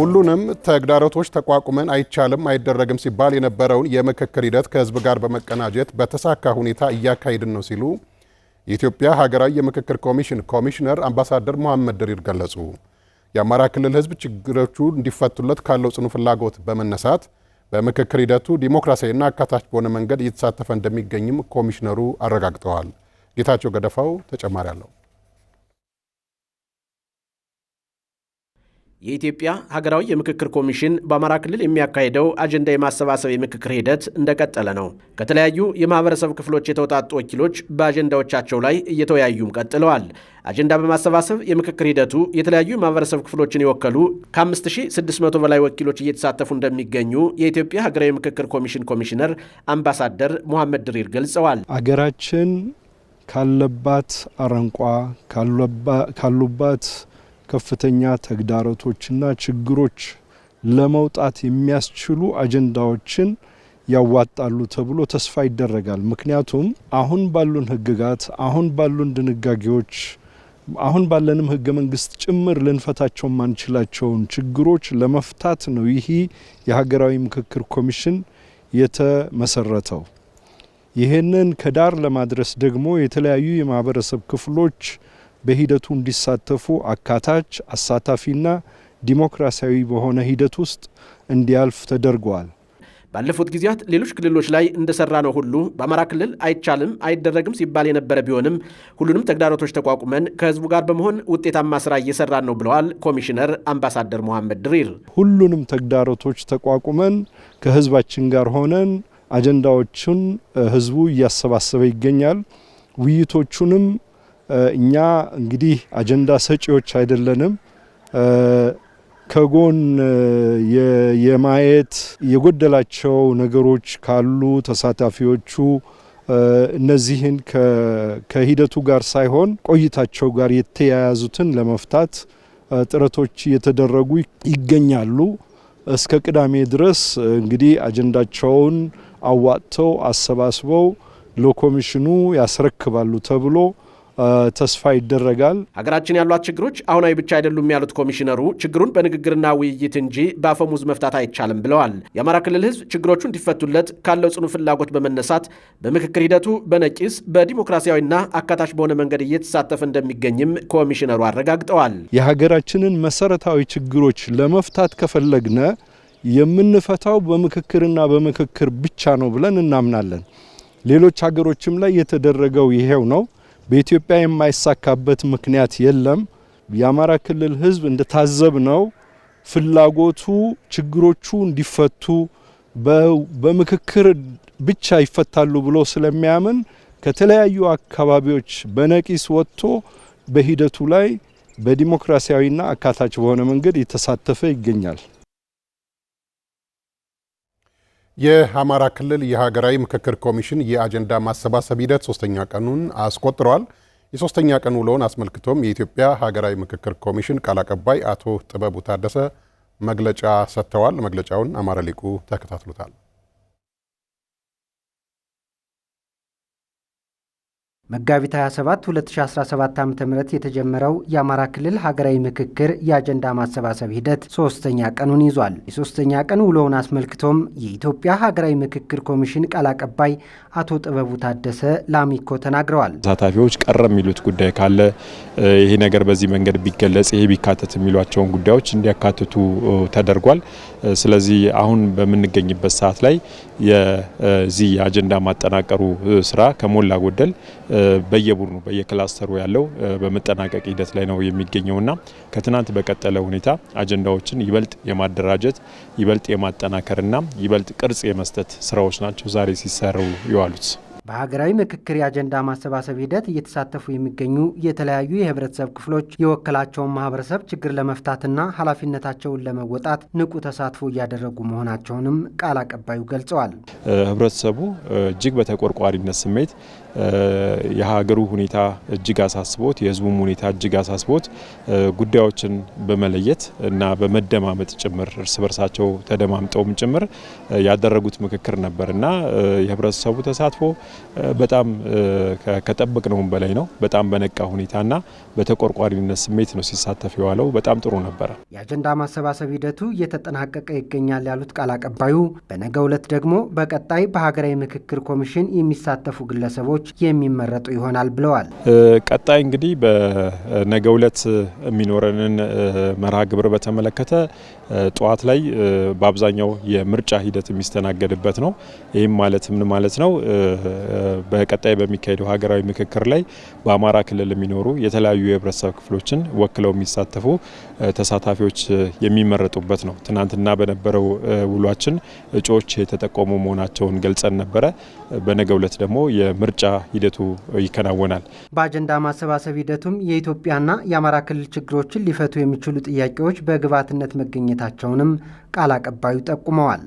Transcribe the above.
ሁሉንም ተግዳሮቶች ተቋቁመን አይቻልም አይደረግም ሲባል የነበረውን የምክክር ሂደት ከህዝብ ጋር በመቀናጀት በተሳካ ሁኔታ እያካሄድን ነው ሲሉ የኢትዮጵያ ሀገራዊ የምክክር ኮሚሽን ኮሚሽነር አምባሳደር መሐመድ ድሪር ገለጹ። የአማራ ክልል ህዝብ ችግሮቹ እንዲፈቱለት ካለው ጽኑ ፍላጎት በመነሳት በምክክር ሂደቱ ዲሞክራሲያዊና አካታች በሆነ መንገድ እየተሳተፈ እንደሚገኝም ኮሚሽነሩ አረጋግጠዋል። ጌታቸው ገደፋው ተጨማሪ አለው። የኢትዮጵያ ሀገራዊ የምክክር ኮሚሽን በአማራ ክልል የሚያካሄደው አጀንዳ የማሰባሰብ የምክክር ሂደት እንደቀጠለ ነው። ከተለያዩ የማህበረሰብ ክፍሎች የተውጣጡ ወኪሎች በአጀንዳዎቻቸው ላይ እየተወያዩም ቀጥለዋል። አጀንዳ በማሰባሰብ የምክክር ሂደቱ የተለያዩ የማህበረሰብ ክፍሎችን የወከሉ ከ5600 በላይ ወኪሎች እየተሳተፉ እንደሚገኙ የኢትዮጵያ ሀገራዊ ምክክር ኮሚሽን ኮሚሽነር አምባሳደር ሙሐመድ ድሪር ገልጸዋል። አገራችን ካለባት አረንቋ ካሉባት ከፍተኛ ተግዳሮቶችና ችግሮች ለመውጣት የሚያስችሉ አጀንዳዎችን ያዋጣሉ ተብሎ ተስፋ ይደረጋል። ምክንያቱም አሁን ባሉን ህግጋት አሁን ባሉን ድንጋጌዎች፣ አሁን ባለንም ህገ መንግስት ጭምር ልንፈታቸው ማንችላቸውን ችግሮች ለመፍታት ነው ይህ የሀገራዊ ምክክር ኮሚሽን የተመሰረተው። ይህንን ከዳር ለማድረስ ደግሞ የተለያዩ የማህበረሰብ ክፍሎች በሂደቱ እንዲሳተፉ አካታች አሳታፊና ዲሞክራሲያዊ በሆነ ሂደት ውስጥ እንዲያልፍ ተደርጓል። ባለፉት ጊዜያት ሌሎች ክልሎች ላይ እንደሰራ ነው ሁሉ በአማራ ክልል አይቻልም አይደረግም ሲባል የነበረ ቢሆንም ሁሉንም ተግዳሮቶች ተቋቁመን ከህዝቡ ጋር በመሆን ውጤታማ ስራ እየሰራን ነው ብለዋል ኮሚሽነር አምባሳደር መሐመድ ድሪር። ሁሉንም ተግዳሮቶች ተቋቁመን ከህዝባችን ጋር ሆነን አጀንዳዎችን ህዝቡ እያሰባሰበ ይገኛል። ውይይቶቹንም እኛ እንግዲህ አጀንዳ ሰጪዎች አይደለንም። ከጎን የማየት የጎደላቸው ነገሮች ካሉ ተሳታፊዎቹ እነዚህን ከሂደቱ ጋር ሳይሆን ቆይታቸው ጋር የተያያዙትን ለመፍታት ጥረቶች እየተደረጉ ይገኛሉ። እስከ ቅዳሜ ድረስ እንግዲህ አጀንዳቸውን አዋጥተው አሰባስበው ለኮሚሽኑ ያስረክባሉ ተብሎ ተስፋ ይደረጋል። ሀገራችን ያሏት ችግሮች አሁናዊ ብቻ አይደሉም ያሉት ኮሚሽነሩ ችግሩን በንግግርና ውይይት እንጂ በአፈሙዝ መፍታት አይቻልም ብለዋል። የአማራ ክልል ህዝብ ችግሮቹ እንዲፈቱለት ካለው ጽኑ ፍላጎት በመነሳት በምክክር ሂደቱ በነቂስ በዲሞክራሲያዊና አካታች በሆነ መንገድ እየተሳተፈ እንደሚገኝም ኮሚሽነሩ አረጋግጠዋል። የሀገራችንን መሰረታዊ ችግሮች ለመፍታት ከፈለግነ የምንፈታው በምክክርና በምክክር ብቻ ነው ብለን እናምናለን። ሌሎች ሀገሮችም ላይ የተደረገው ይሄው ነው። በኢትዮጵያ የማይሳካበት ምክንያት የለም። የአማራ ክልል ህዝብ እንደታዘብ ነው ፍላጎቱ ችግሮቹ እንዲፈቱ በምክክር ብቻ ይፈታሉ ብሎ ስለሚያምን ከተለያዩ አካባቢዎች በነቂስ ወጥቶ በሂደቱ ላይ በዲሞክራሲያዊና አካታች በሆነ መንገድ እየተሳተፈ ይገኛል። የአማራ ክልል የሀገራዊ ምክክር ኮሚሽን የአጀንዳ ማሰባሰብ ሂደት ሶስተኛ ቀኑን አስቆጥረዋል። የሶስተኛ ቀን ውሎውን አስመልክቶም የኢትዮጵያ ሀገራዊ ምክክር ኮሚሽን ቃል አቀባይ አቶ ጥበቡ ታደሰ መግለጫ ሰጥተዋል። መግለጫውን አማራ ሊቁ ተከታትሎታል። መጋቢት 27 2017 ዓ ም የተጀመረው የአማራ ክልል ሀገራዊ ምክክር የአጀንዳ ማሰባሰብ ሂደት ሶስተኛ ቀኑን ይዟል። የሶስተኛ ቀን ውሎውን አስመልክቶም የኢትዮጵያ ሀገራዊ ምክክር ኮሚሽን ቃል አቀባይ አቶ ጥበቡ ታደሰ ለአሚኮ ተናግረዋል። ተሳታፊዎች ቀረ የሚሉት ጉዳይ ካለ ይሄ ነገር በዚህ መንገድ ቢገለጽ፣ ይሄ ቢካተት የሚሏቸውን ጉዳዮች እንዲያካትቱ ተደርጓል። ስለዚህ አሁን በምንገኝበት ሰዓት ላይ የዚህ የአጀንዳ ማጠናቀሩ ስራ ከሞላ ጎደል በየቡድኑ በየክላስተሩ ያለው በመጠናቀቅ ሂደት ላይ ነው የሚገኘውና ከትናንት በቀጠለ ሁኔታ አጀንዳዎችን ይበልጥ የማደራጀት ይበልጥ የማጠናከርና ይበልጥ ቅርጽ የመስጠት ስራዎች ናቸው ዛሬ ሲሰሩ የዋሉት። በሀገራዊ ምክክር የአጀንዳ ማሰባሰብ ሂደት እየተሳተፉ የሚገኙ የተለያዩ የህብረተሰብ ክፍሎች የወከላቸውን ማህበረሰብ ችግር ለመፍታትና ኃላፊነታቸውን ለመወጣት ንቁ ተሳትፎ እያደረጉ መሆናቸውንም ቃል አቀባዩ ገልጸዋል። ህብረተሰቡ እጅግ በተቆርቋሪነት ስሜት የሀገሩ ሁኔታ እጅግ አሳስቦት የህዝቡም ሁኔታ እጅግ አሳስቦት ጉዳዮችን በመለየት እና በመደማመጥ ጭምር እርስ በርሳቸው ተደማምጠውም ጭምር ያደረጉት ምክክር ነበር እና የህብረተሰቡ ተሳትፎ በጣም ከጠበቅነውም በላይ ነው። በጣም በነቃ ሁኔታና በተቆርቋሪነት ስሜት ነው ሲሳተፍ የዋለው። በጣም ጥሩ ነበረ። የአጀንዳ ማሰባሰብ ሂደቱ እየተጠናቀቀ ይገኛል ያሉት ቃል አቀባዩ፣ በነገው ዕለት ደግሞ በቀጣይ በሀገራዊ ምክክር ኮሚሽን የሚሳተፉ ግለሰቦች የሚመረጡ ይሆናል ብለዋል። ቀጣይ እንግዲህ በነገው ዕለት የሚኖረንን መርሃ ግብር በተመለከተ ጠዋት ላይ በአብዛኛው የምርጫ ሂደት የሚስተናገድበት ነው። ይህም ማለት ምን ማለት ነው? በቀጣይ በሚካሄደው ሀገራዊ ምክክር ላይ በአማራ ክልል የሚኖሩ የተለያዩ የህብረተሰብ ክፍሎችን ወክለው የሚሳተፉ ተሳታፊዎች የሚመረጡበት ነው። ትናንትና በነበረው ውሏችን እጩዎች የተጠቆሙ መሆናቸውን ገልጸን ነበረ። በነገ ውለት ደግሞ የምርጫ ሂደቱ ይከናወናል። በአጀንዳ ማሰባሰብ ሂደቱም የኢትዮጵያና የአማራ ክልል ችግሮችን ሊፈቱ የሚችሉ ጥያቄዎች በግብዓትነት መገኘታቸውንም ቃል አቀባዩ ጠቁመዋል።